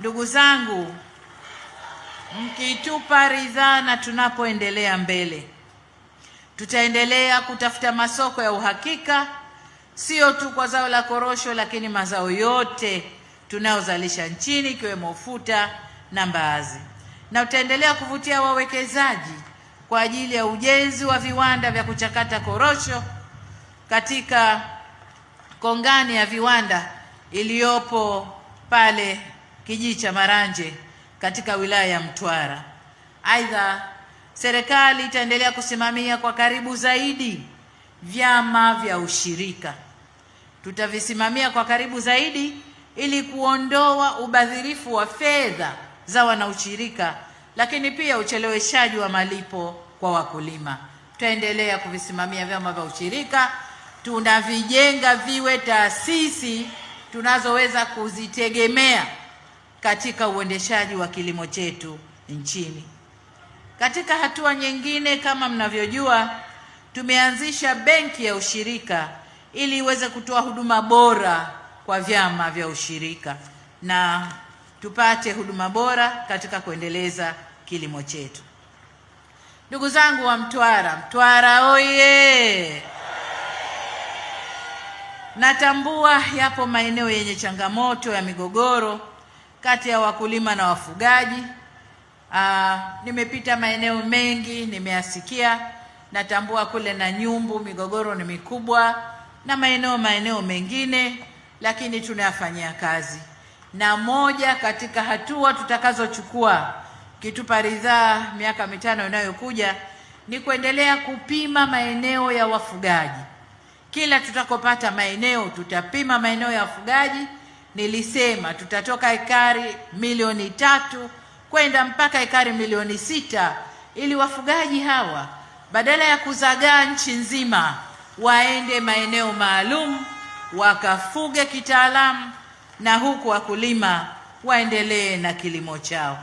Ndugu zangu, mkitupa ridhaa na tunapoendelea mbele, tutaendelea kutafuta masoko ya uhakika, sio tu kwa zao la korosho, lakini mazao yote tunayozalisha nchini ikiwemo ufuta na mbaazi, na tutaendelea kuvutia wawekezaji kwa ajili ya ujenzi wa viwanda vya kuchakata korosho katika kongani ya viwanda iliyopo pale kijiji cha Maranje katika wilaya ya Mtwara. Aidha, serikali itaendelea kusimamia kwa karibu zaidi vyama vya ushirika, tutavisimamia kwa karibu zaidi ili kuondoa ubadhirifu wa fedha za wanaushirika, lakini pia ucheleweshaji wa malipo kwa wakulima. Tutaendelea kuvisimamia vyama vya ushirika, tunavijenga viwe taasisi tunazoweza kuzitegemea katika uendeshaji wa kilimo chetu nchini. Katika hatua nyingine, kama mnavyojua, tumeanzisha benki ya ushirika ili iweze kutoa huduma bora kwa vyama vya ushirika na tupate huduma bora katika kuendeleza kilimo chetu. Ndugu zangu wa Mtwara, Mtwara oye! Natambua yapo maeneo yenye changamoto ya migogoro kati ya wakulima na wafugaji. Aa, ah, nimepita maeneo mengi nimeyasikia, natambua kule na nyumbu migogoro ni mikubwa na maeneo maeneo mengine, lakini tunayafanyia kazi, na moja katika hatua tutakazochukua kitupa ridhaa miaka mitano inayokuja ni kuendelea kupima maeneo ya wafugaji. Kila tutakopata maeneo tutapima maeneo ya wafugaji nilisema tutatoka ekari milioni tatu kwenda mpaka ekari milioni sita ili wafugaji hawa badala ya kuzagaa nchi nzima waende maeneo maalum wakafuge kitaalamu, na huku wakulima waendelee na kilimo chao.